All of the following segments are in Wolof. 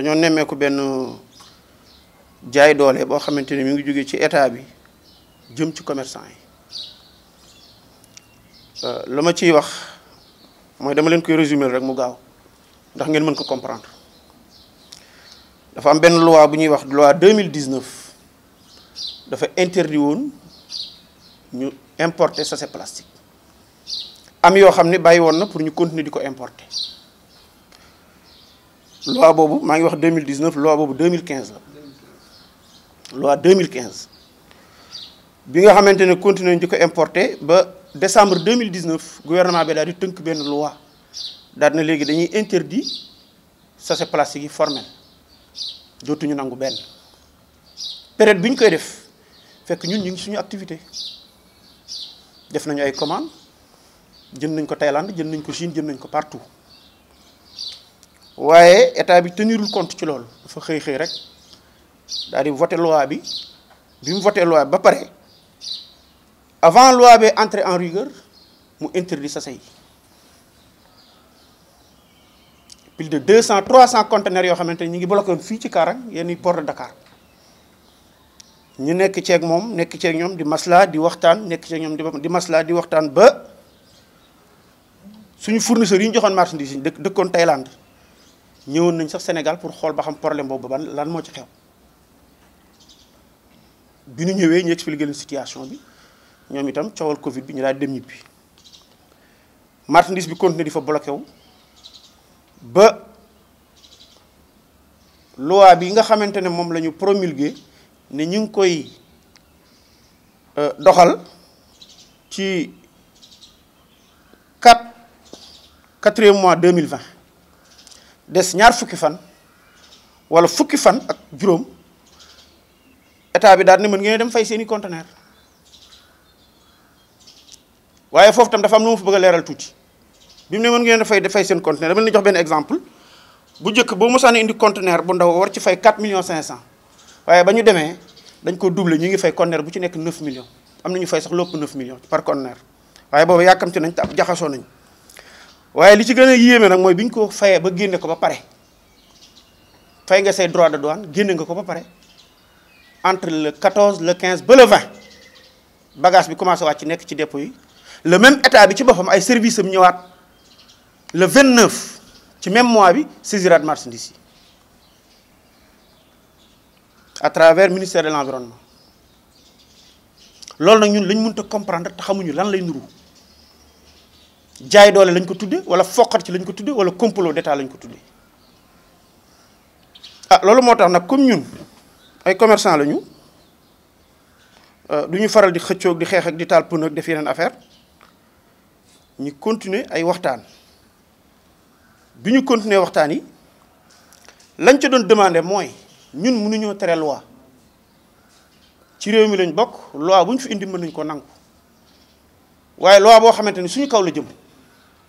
dañoo nemmeeku benn jaay doole boo xamante ni mi ngi jógee ci état bi jëm ci commerçant yi euh, lu ma ciy wax mooy dama leen koy résumer rek mu gaaw ndax ngeen mën ko comprendre dafa am benn loi bu ñuy wax loi 2019 dafa interdit woon ñu importer sachet plastique am yoo xam ne bàyyi woon na pour ñu continuer di ko importer loi Bobu maa ngi wax 2019 loi Bobu 2015 la loi 2015 bi nga xamantene ne ñu ko importer ba décembre 2019 gouvernement bi da di teunk ben loi da na légui dañuy interdit sachet plastique formel formel ñu nangu ben période bi koy def fekk ñun ñu ngi suñu activité def nañu ay commande jënd nañ ko Thaïlande jënd nañ ko Chine jënd nañ ko partout waye état bi tenirul compte ci lool fa xey xey rek dal di voter loi bi bi mu voter loi ba paré avant loi bi entrer en rigueur mu interdit sa plus de 200 300 conteneurs yo xamanteni ñi ngi bloqué fi ci Karang yenn port de Dakar ñu ak mom nek ci ak ñom di masla di waxtaan ci ak ñom di masla di waxtaan ba suñu fournisseur yi ñu joxoon marchandise yi kon thailand ñëwoon nañ sax Sénégal pour xool ba xam problème boobu ban lan moo ci xew bi situation bi ñoom itam coowal Covid bi ñu daal dem ñibbi marchandise bi continué di fa bloqué wu ba loi bi nga xamante ne moom la ñu promulgué ne ñu ngi koy euh, doxal ci 4 quatrième mois 2020 des ñaar fukki fan wala fukki fan ak juróom état bi daal ne mën ngeen dem fay seeni conteneur waaye foofu tam dafa am lu ma bëgg a leeral tuuti bi mu ne mën ngeen dafay fay seen conteneur dama leen jox benn exemple bu njëkk boo mosaan indi conteneur bu ndaw war ci fay 4 millions 500 waaye ba ñu demee dañ ko doublé ñu ngi fay conteneur bu ci nekk 9 millions am na ñu fay sax lépp 9 millions par conteneur waaye boobu yàkkamti nañ te ab jaxasoo nañ. Oui, ce ci est le c'est de douane entre le 14 le 15 le 20 bagage commence à être dépôt le même état bi ci des service le 29 ci même mois bi de mars d'ici. à travers ministère de l'environnement C'est ce que nous mënta comprendre que nous lan lay jaay doole lañ ko tudde wala foqat ci lañ ko tudde wala complot d'état lañ ko tudde ah loolu moo tax nag comme ñun ay commerçant lañu euh, du ñu faral di xëccoog di xeex di taal pën ak def yeneen affaire ñu continuer ay waxtaan bi ñu continuer waxtaan yi lañ ca doon demandé mooy ñun mënuñoo tere loi ci réew mi lañ bokk loi bu ñu fi indi mën nañ ko nangu waaye loi boo xamante ni suñu kaw la jëm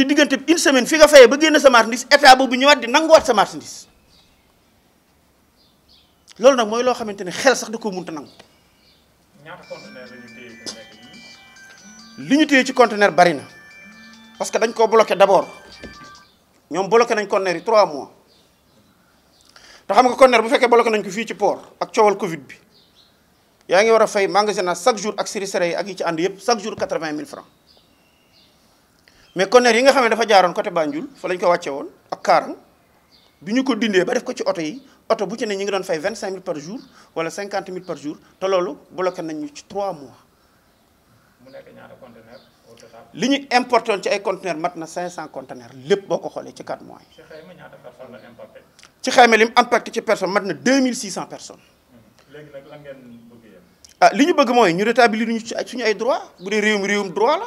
ci digënté une semaine fi nga fayé ba génn sa marchandise état bobu ñëwaat di nanguwaat sa marchandise lool nak moy lo xamante xel sax da ko mënta nang liñu conteneur ci conteneur bari na parce que dañ ko bloquer d'abord ñom bloquer nañ conteneur yi 3 mois da xam nga conteneur bu fekkee bloquer nañ ko fi ci port ak ciowal Covid bi yaa ngi war a fay magasinage chaque jour ak série yi ak yi ci and yépp chaque jour 80000 francs mais conteneur yi nga xam dafa jaaroon côté Banjul fa lañ ko waccé won ak Karang biñu ko dindé ba def ko ci auto yi auto bu ci né ñi ngi doon fay 25000 par jour wala 50000 par jour té lolu bloqué nañ ñu ci 3 mois. mu nekk ñaata conteneur au total. li ñu importé ci ay conteneur mat na cinq conteneur lepp boko xolé ci 4 mois ci xayma ñaata personne la impacté. ci xayma lim mu ci personne mat na deux personnes. Hum. légui nak lan ngeen bëgg yem. ah li ñu bëgg moy ñu rétablir ñu ci suñu ay droit bu dee réewum réewum droit la.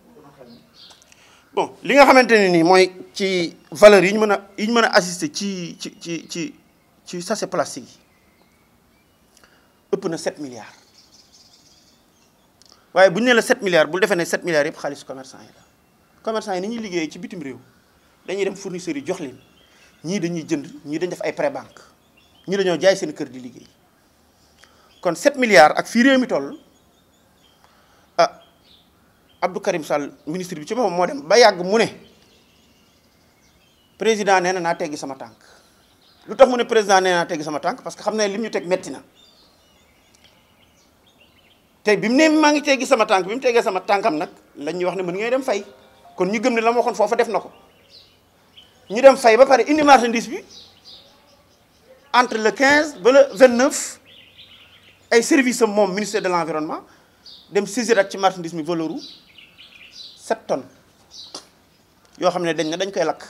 bon li nga xamanteni ni c'est que ci valeurs yi ñu mëna c'est yi ñu mëna assister ci ci ci ci plastique ëpp na 7 milliards waaye bu ñu la 7 milliards bul defee ne 7 milliards pour les commerçant yi commerçants, commerçant yi ni ñuy liggéey ci bitim réew dañuy dem fournisseurs yi jox leen ñii dañuy jënd ñii dañ def ay prêt banque ñii dañoo jaay seen kër di liggéey kon 7 milliards ak fii réew mi toll. Abdou Karim Sall ministre bi ci boppam mo dem ba yag mu ne président néna na naa sama tank lutax mu ne président néna naa sama tank parce que xamné ne lim ñu teg metti na tay bi mu ne maa ngi teggi sama tank bi téggé sama tànkam nag lañ ñuy wax ne mën ngay dem fay kon ñu gëm ne la waxon fofu def nako ñu dem fay ba paré indi marchandise bi entre le 15 ba le 29 ay service mom ministère de l'environnement dem saisir ak ci marchandise mi valeuru sept tonnes yoo xam ne dañ ne dañ koy lakk